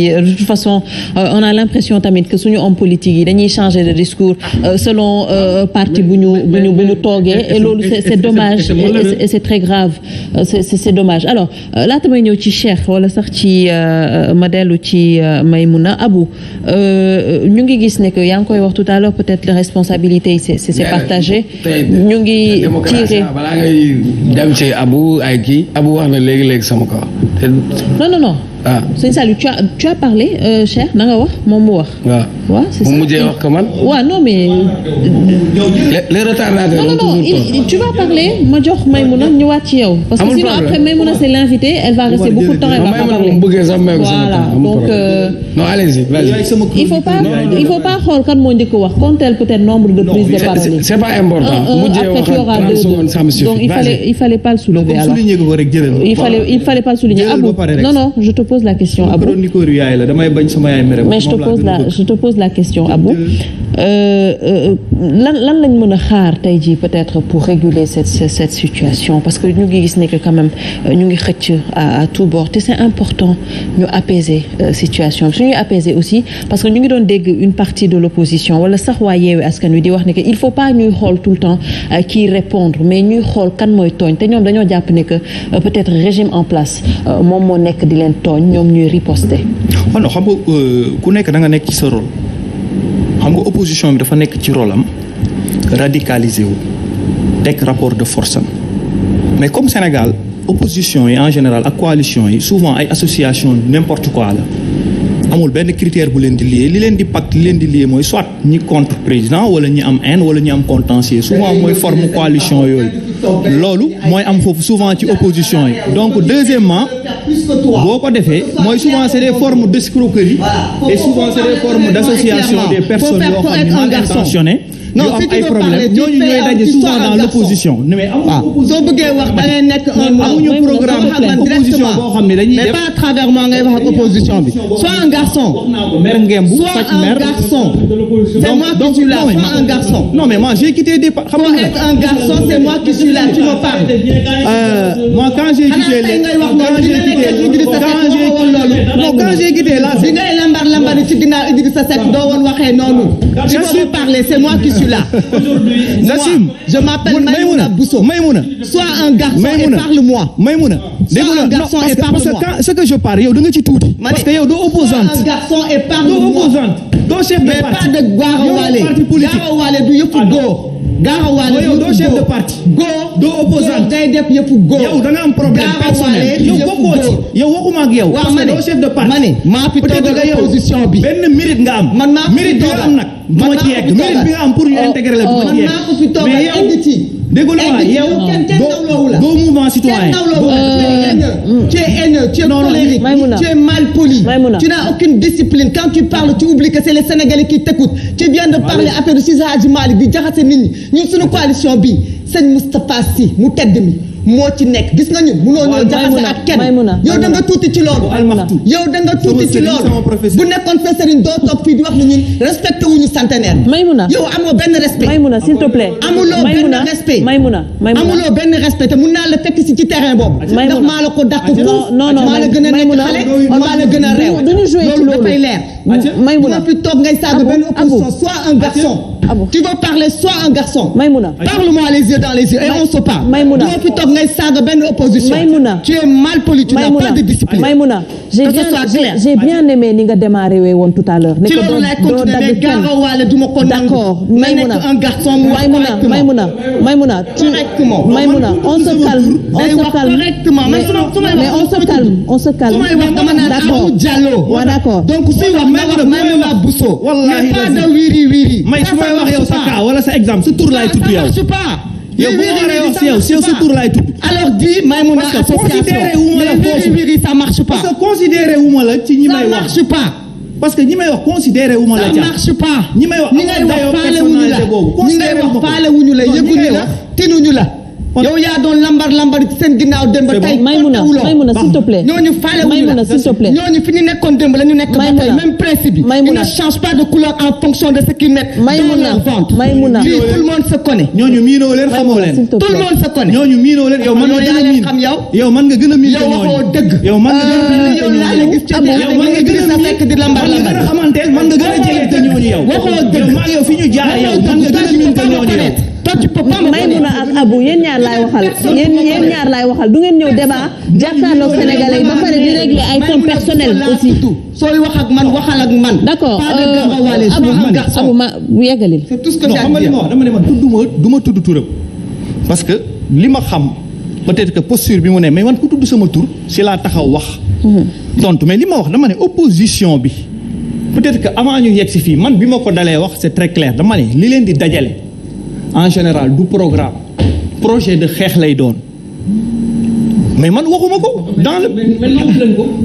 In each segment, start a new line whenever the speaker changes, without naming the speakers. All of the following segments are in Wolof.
Euh, de toute façon euh, on a l'impression tamit que suñu homme politique yi dañuy changer de discours euh, selon parti bu ñu bu ñu bu toogee et loolu c'est dommage et c'est très grave c'est dommage alors laata may ñëw ci Cheikh wala sax ci ma dellu ci Maïmouna Abou ñu ngi gis ne que yaa ngi koy wax tout à l'heure peut-être les responsabilités c'est c'est partagé ñu ngi tirer
balaa ay
kii Abou wax léegi léegi sama kaw Euh, non non non. ah
sëñ Saliou tu as tu as parlé euh, cher na nga wax
ka man. waaw non mais. les retardataires non non a
tu a parler ma jox Maïmouna ñëwaat ci yow.
parce que sinon après
Maïmouna c'est l'invité elle va rester beaucoup de temps elle va pas
parler. voilà donc. Euh, non allez-y vas-y. il faut pas il faut
pas xool kan moo njëkk wax compter peut-être nombre de prises de parole. c'est pas important. mujjee wax 30 secondes ça me suffit donc il fallait il fallait pas le soulever alors
il fallait il
fallait pas le souligner. Abou ah non non je te pose la question Abou
chroniqueur yaay la damay bañ sama yaay mere
lan lan lañ mën a xaar tey jii peut-être pour réguler cette cette situation parce que ñu ngi gis ne que quand même euh, ñu ngi xëcc à tout bord te c'est important ñu apaiser euh, situation bi suñuy apaiser aussi parce que ñu ngi doon dégg une partie de l'opposition wala sax waa yeewe askan wi di wax ne il faut pas ñuy xool tout le temps kii euh, répondre mais ñuy xool kan mooy tooñ te ñoom dañoo jàpp ne que peut-être régime en place moom moo nekk di leen tooñ ñoom ñuy riposter.
Oh non xam nga euh, ku nekk da nga nekk ci sa rôle xam nga opposition bi dafa nekk ci rôle am radicaliser wu teg rapport de force am mais comme Sénégal opposition yi en général ak coalition yi souvent ay association n'importe quoi la amul benn critère bu leen di lié li leen di pacte li leen di lié mooy soit ñi contre président wala ñi am haine wala ñi am contentieux souvent mooy forme coalition yooyu. loolu mooy am foofu souvent ci opposition yi donc deuxièmement boo ko defee mooy souvent c'est des formes d'escroquerie et souvent c'est des formes d'association des personnes yoo xam ne mal intentionnées non am ay problème ñooñu ñooy daje souvent dans l'opposition mais amuñu ah.
soo bëggee wax da ngay nekk amuñu programme opposition boo xam ne dañuy def mais pas à travers moi ngay wax ak opposition bi soit un garçon
mer ngemb soit un garçon c'est moi
qui suis là soit un garçon non mais moi j'ai quitté des xam nga être un garçon c'est moi qui suis là tu me parles euh moi quand j'ai quitté quand j'ai quitté non quand j'ai quitté là c'est ngay lambar lambar ci ginnaaw Idrissa Seck doo woon waxee noonu tu peux me parler c'est moi qui suis suis
là. aujourd'hui Nassim, je m'appelle Maïmouna Bousso. Maïmouna sois un garçon Maïmouna. et parle-moi. Maïmouna sois un garçon non, et parle-moi. parce que parce que ce que je parle yow da nga ci tuuti. parce que yow doo opposante. sois un garçon et parle-moi. doo opposante doo chef de parti. mais pas de Garo Wale. Garo Wale du yëpp ah góor. gaaxawaale yow doo chef de parti. góor doo opposant day def yëpp góor. yow da nga am problème personnel yow bokkoo ci yow waxuma ak yow. waaw de parti. opposition bi benn mérite nga am. man maa fi toogal mérite bi am nag. ma ci yegg mérite bi nga am pour ñu oh. intégrer la du ma ci yegg. mais déggoo la waay yow doo mouvement citoyen. Euh, hmm. tu es haineux, tu es colérique, tu
es mal poli. tu n'as aucune discipline quand tu parles tu oublies que c'est les Sénégalais qui t'écoutent. tu viens de parler affaire du Seydi Hadji Malick bi jaxase nit ñi ñun suñu coalition bi sëñ Moustapha Sy mu tedd mi. moo ci nekk gis nga ñun munoo ñoo jaxase ak kenn yow da nga tuuti ci loolu yow da nga tuuti ci loolu bu nekkoon sa sëriñ doo toog fii di wax ne ñun respecté wuñu centenaire Maymuna yow amoo benn respect Maymuna s'il te plaît amuloo benn respect Maymuna amuloo benn respect te mun naa la fekk si ci terrain boobu ndax maa la ko dàq foofu maa la gën a nekk xale maa la gën a réew loolu dafay leer Maymuna fi toog ngay saaga benn opposition soit un garçon tu veux parler soit un garçon Maymuna parle-moi les yeux dans les yeux et on se parle ngay saaga benn opposition. Maïmouna tu es mal poli tu n'as pas de discipline. Maïmouna j'ai bien j'ai bien aimé
ni nga démarré wee woon tout à l'heure ne ko doo doo dagg kenn d'accord Maïmouna Maïmouna Maïmouna Maïmouna tu Maïmouna on se calme on se calme mais on
se calme on se calme d'accord waaw d'accord donc si wax Maïmouna Bousso. wallaahi pas de wiri wiri. may su ma wax yow sa cas wala
sa exemple sa tur laay tudd yow. yow bu ma waree wax si yow si sa tur laay tudd. alors di Maïmouna association parce que considéré wu ma la foofu ça marche pas. parce que considéré wu ma la ci ñi may wax ça marche pas. parce que ñi may wax considéré wu ma la. ça marche pas ñi may wax. ni ngay wax faale wuñu la
ni ngay wax faale wuñu la yëguñu la tinuñu la. yow yaa doon lambar lambar seen ginnaaw démb tey Maymuna Maymuna s'il te plaît ñooñu faale Maymuna s'il te plaît ñooñu fi ñu nekkoon démb la ñu nekk ba tey même principe bi il ne change pas de couleur en fonction de ce qu'ils mettent dans leur ventre Maymuna lii tout
le monde se connaît ñooñu miinoo leen xamoo leen tout le monde se connaît ñooñu miinoo leen yow man nga gën a miin xam yow yow man nga gën a miin yow waxoo dëgg yow man nga yow laa la gis ci yow man nga gën a fekk di lambar lambar xamante man nga gën a jege te ñooñu yow waxoo dëgg yow maa yow fi ñu jaar yow man nga gën a
miin te ñooñu yow Maimouna po Abou yéen ñaar a waxal yéen yéen ñaar laay waxal
du ngeen ñëw débat jàkkaarloog sénégalais yi ba pare di régler ay comptes personnels aussi. sooy wax ak man waxal ak man. d'accord euh, Abou Abou ma bu yeggalil. c'est tout ce que dama ne
ma tudduma duma tudd turam parce que li ma xam peut-être que posture bi mu ne mais man ku tudd sama tur si laa taxaw wax. Mhm. tontu mais li ma wax dama ne opposition bi peut-être que avant ñu yegg si fii man bi ma ko dalee wax c'est très clair dama ne li leen di dajale. en général du programme projet de xeex lay doon mais man waxuma ko dans le.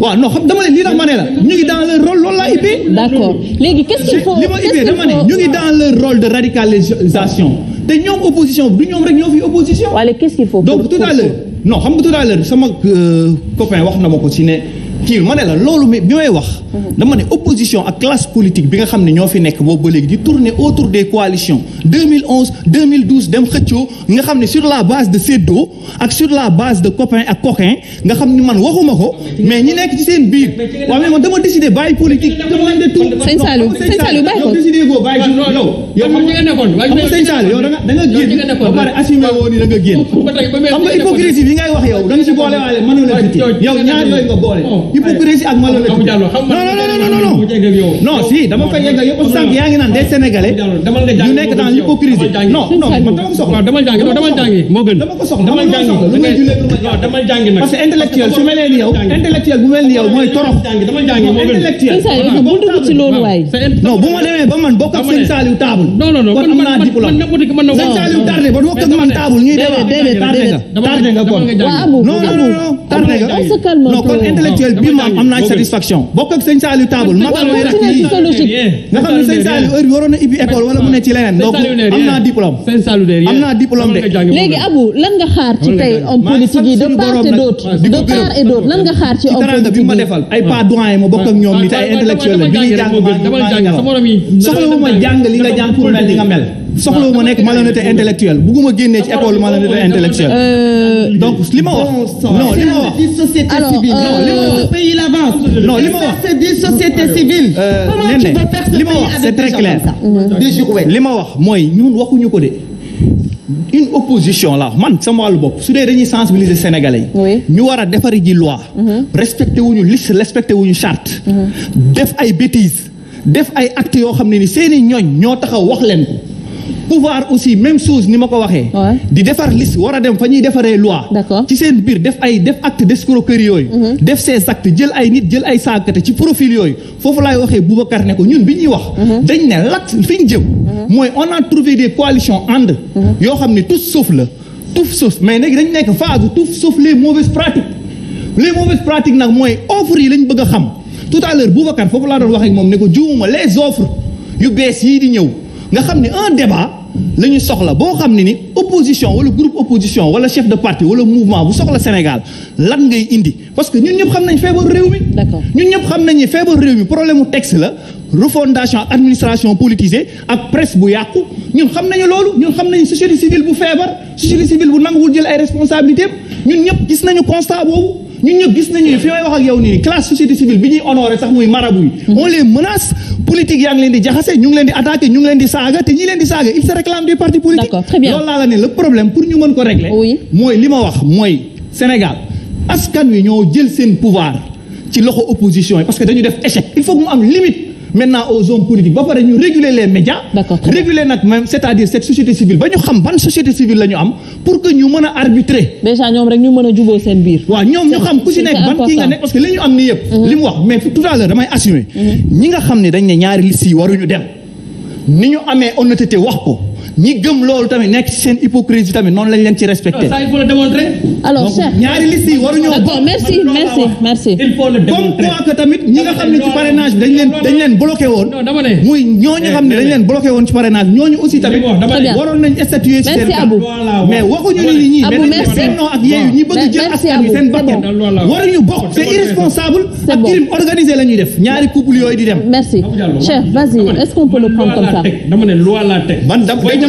waaw non xam dama ne lii tax ma ne la ñu ngi dans le rôle loolu laa ibbee. d'accord léegi qu'est-ce qu'il faut li ma ibbee dama ne ñu ngi dans le rôle de radicalisation te ñoom opposition du ñoom rek ñoo fi opposition. waaye qu'est-ce qu'il faut donc tout à l'heure non xam nga tout à l'heure sama euh, copain wax na ma ko si ne. kii ma ne la loolu mais bi may wax. Mhm. dama ne opposition ak classe politique bi nga xam ne ñoo fi nekk boobu léegi di tourner autour des coalitions dem xëccoo nga xam ne sur la base de séddoo ak sur la base de copain ak coquin nga xam ne man waxuma ko mais ñi nekk ci seen biir waaw mais dama décidé bàyyi politique. sëñ Saalum sëñ ko yow boo bàyyi yow yow xam nga sëñ Saalum yow da pare assumé nga génn bi yow ñaar yooyu nga boole. Oh. hypocrisie ak malhonnêteté. Abou Diallo xam nga non non non non non si dama fay yegg ak yow sànq yaa ngi naan des sénégalais yu nekk dans l'hypocrisie non non man dama ko soxla dama jàngi dama jàngi moo gën dama ko soxla dama jàngi lu may jullee dama jàngi nag parce que intellectuel su mel ni yow intellectuel bu mel ni yow mooy torox dama jàngi moo gën intellectuel bu dugg ci loolu waay non bu ma demee ba man bokk ak ah, sëñ Saliou table non non non kon am naa diplôme sëñ Saliou tardé ba bokk ak man table ñuy demee tardé nga tardé nga kon non non non tardé nga non kon intellectuel bi ma am naa satisfaction bokk ak sëñ Saliou table magal may rek nii nga xam waroon na ibbi école wala mu ne ci leneen donc am naa diplôme am naa diplôme de léegi
Abou lan nga xaar ci tey homme politique yi de part et d'autre de part et d'autre lan nga xaar ci homme politique bi ay pas doyen ma bokk ak ñoom nit ah. ay ah, intellectuel la bi ñuy jàng maa
ngi soxla ma jàng li nga jàng pour mel li nga mel soxla ma nekk malhonnêteté intellectuelle bugguma génnee ci école malhonnêteté intellectuelle donc li ma wax non li ma wax
non li ma wax c'est des sociétés
civiles nee na li ma wax c'est li ma wax mooy ñun waxuñu ko de une opposition la man sama wàllu bopp su dee dañuy sensibiliser sénégalais yi ñu war a defari ji loi respecté wuñu liste respecté wuñu charte def ay bêtises def ay actes yoo xam ne ni seeni ñooñ ñoo taxaw wax leen pouvoir aussi même chose ni ma ko waxee. di defar list war a dem fa ñuy defaree loi. ci seen biir def ay def acte d'escroquerie yooyu. Mhm. def see actes jël ay nit jël ay saakate ci profil yooyu foofu laay waxee Boubacar ne ko ñun bi ñuy wax. Mhm. dañ ne lat fi ñu jëm. Mhm. mooy on a trouvé des coalitions ànd. yoo xam ne tous sauf la tous sauf mais léegi dañ nekk phase tous sauf les mauvaises pratiques les mauvaises pratiques nag mooy offre yi lañ bëgg a xam tout à l'heure Boubacar foofu laa doon waxee moom ne ko juumuma les offres yu bees yii di ñëw. nga xam ne un débat la ñu soxla boo xam ne ni opposition wala groupe opposition wala chef de parti wala mouvement bu soxla Sénégal lan ngay indi parce que ñun ñëpp xam nañ feebar réew mi. d'accord ñun ñëpp xam nañ ne feebar réew mi problème mu texte la refondation ak administration politisée ak presse bu yàqu ñun xam nañu loolu ñun xam nañu société civile bu feebar société civile bu nanguwul jël ay responsabilités ñun ñëpp gis nañu constat boobu. ñu ñëpp gis nañu fi may wax ak yow nii classe société civile bi ñuy honoré sax muy marabu yi. Hmm. on les menace politique yaa ngi leen di jaxase ñu ngi leen di attaqué ñu ngi leen di saaga te ñi leen di saaga il se réclame du parti politique. d'accord laa la ne le problème pour ñu mën ko régler. oui mooy li ma wax mooy Sénégal askan wi ñoo jël seen pouvoir ci loxo opposition yi parce que dañu def échec il faut mu am limite. maintenant aux hommes politiques ba pare ñu réguler les médias réguler nag même c'est-à-dire cette société civile ba ñu xam ban société civile la ñu am pour que ñu mën a arbitrer déjà ñoom rek ñu mën a juboo seen biir waaw ñoom ñu xam ku si nekk ban kii nga nekk parce que li ñu am nii yëpp mhm. li wax mais tout à l'heure damay assumer mhm. ñi nga xam ne dañ ne ñaari liste waruñu dem ni ñu amee honnêteté wax ko ñi gëm loolu tamit nekk ci seen hypocrisie tamit noonu lañ leen ci respecté. ça il faut le démontrer. alors cher merci merci merci. il tamit ñi nga xam ne ci parrainage dañ leen dañ leen bloqué ñooñu xam ne eh, dañ leen eh, eh. bloqué woon ci parrainage ñooñu aussi tamit. waroon nañ statuer ci seen Abou mais waxuñu ne ni c'est irresponsable. ak crime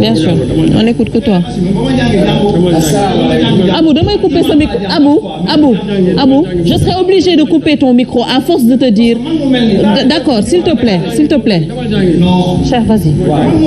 bien sûr on
n'écoute que toi. Abou damay couper sa micro Abou je serai obligé de couper ton micro à force de te dire d'accord s'il te plaît s'il te plaît cher vas